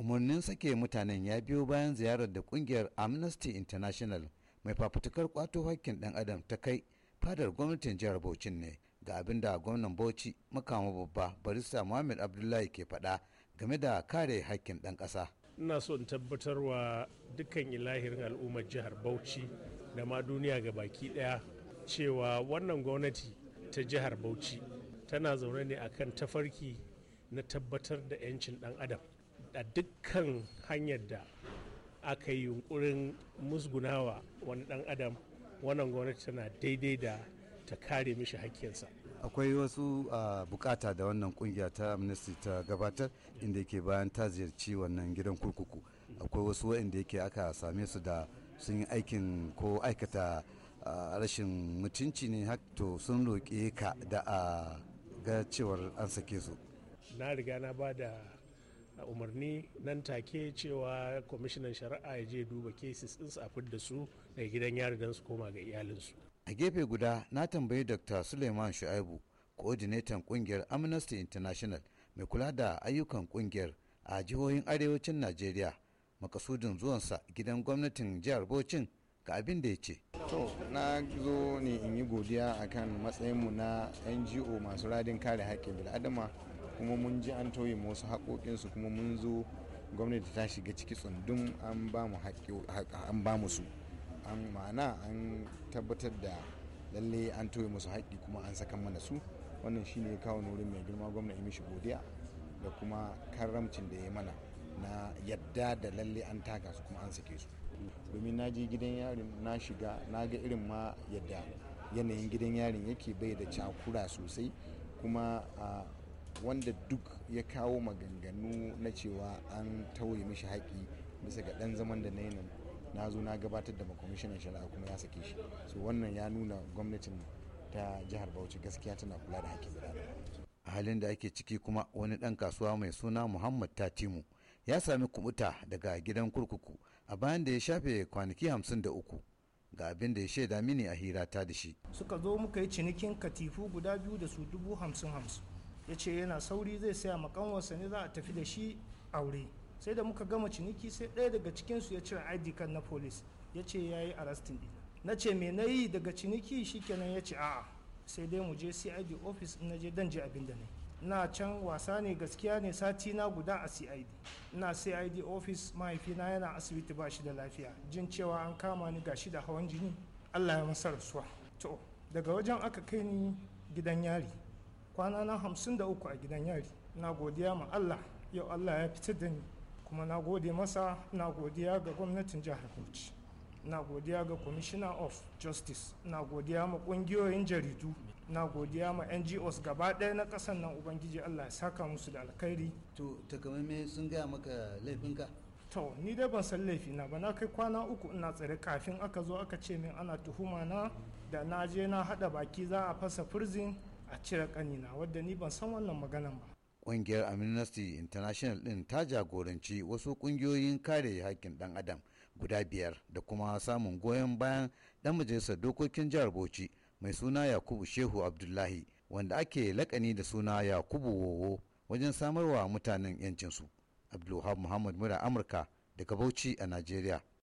umarnin sake mutanen ya biyo bayan ziyarar da kungiyar amnesty international mai fafutukar kwato hakkin dan adam ta kai fadar gwamnatin jihar bauchi ne ga abin da gwamnan bauchi makama babba barista muhammad abdullahi ke faɗa game da kare hakkin dan ƙasa ina so in tabbatar wa dukkan ilahirin al'ummar jihar bauchi da ma duniya ga baki ɗaya cewa wannan gwamnati ta jihar bauchi tana zaune ne akan tafarki na tabbatar da 'yancin dan adam a dukkan hanyar da aka yi yunkurin musgunawa wani dan adam wannan gwamnati tana daidai da ta kare mishi hakkinsa akwai wasu bukata da wannan kungiya ta amnesty ta gabatar inda yake bayan ta ziyarci wannan gidan kurkuku akwai wasu waɗanda yake aka same su da sun yi aikin ko aikata rashin mutunci ne to sun roƙe ka da a ga cewar an sake su na riga na ba da A umarni nan take cewa kwamishinan shari'a ya je duba cases ɗinsu a fidda su daga gidan yari don su koma ga iyalinsu a gefe guda na tambayi dr suleiman shu'aibu coordinator kungiyar amnesty international mai kula da ayyukan kungiyar a jihohin arewacin najeriya makasudin zuwansa gidan gwamnatin jihar bocin ga abin da ya ce to na zo ne in yi godiya akan matsayinmu na ngo masu radin kare haƙƙin bil'adama kuma mun ji an tauye wasu haƙoƙinsu kuma mun zo gwamnati ta shiga ciki tsundum an ba mu an ba mu su an ma'ana an tabbatar da lalle an tauye musu haƙƙi kuma an saka mana su wannan shi ne kawo nurin mai girma gwamna ya mishi godiya da kuma karamcin da ya mana na yadda da lalle an taka su kuma an sake su domin na je gidan yarin na shiga na ga irin ma yadda yanayin gidan yarin yake bai da cakura sosai kuma ah, wanda duk ya kawo maganganu na cewa an tauye mishi haƙi bisa ga ɗan zaman da na yi nan na zo na gabatar da makwamishinan shari'a kuma ya sake shi so wannan ya nuna gwamnatin ta jihar bauchi gaskiya tana kula da haƙƙin birane a halin da ake ciki kuma wani ɗan kasuwa mai suna muhammad tatimu ya sami kubuta daga gidan kurkuku a bayan da ya shafe kwanaki hamsin da uku ga abin da ya shaida mini a hira ta da shi suka zo muka yi cinikin katifu guda biyu da su dubu hamsin hamsin ya ce yana sauri zai saya makanwarsa ne za a tafi da shi aure sai da muka gama ciniki sai ɗaya daga cikinsu ya cire id card na polis ya ce ya yi arrestin ɗin na ce me na yi daga ciniki shikenan ya ce a'a sai dai mu je cid office na je dan je abin da na can wasa ne gaskiya ne sati na guda a cid ina cid office mahaifina yana asibiti ba shi da lafiya jin cewa an kama ni gashi da hawan jini allah ya masa rasuwa to daga wajen aka kai ni gidan yari kwana na hamsin da uku a gidan yari na godiya ma allah yau allah ya fitar da ni kuma na gode masa na godiya ga gwamnatin jihar bauchi na godiya ga commissioner of justice na godiya ma kungiyoyin jaridu na godiya ma ngos gaba ɗaya na kasa nan ubangiji allah ya saka musu da alkhairi to takamaimai sun gaya maka laifinka to ni dai ban san laifi na ba na kai kwana uku ina tsare kafin aka zo aka ce min ana tuhuma na da na je na haɗa baki za a fasa furzin. a cire kanina wadda ni ban san wannan magana ba ƙungiyar amnesty international din ta jagoranci wasu kungiyoyin kare haƙƙin ɗan adam guda biyar da kuma samun goyon bayan ɗan majalisar dokokin jihar bauchi mai suna yakubu shehu abdullahi wanda ake lakani da suna yakubu wowo wajen samarwa mutanen yancinsu abdulhab muhammad mura amurka daga bauchi a najeriya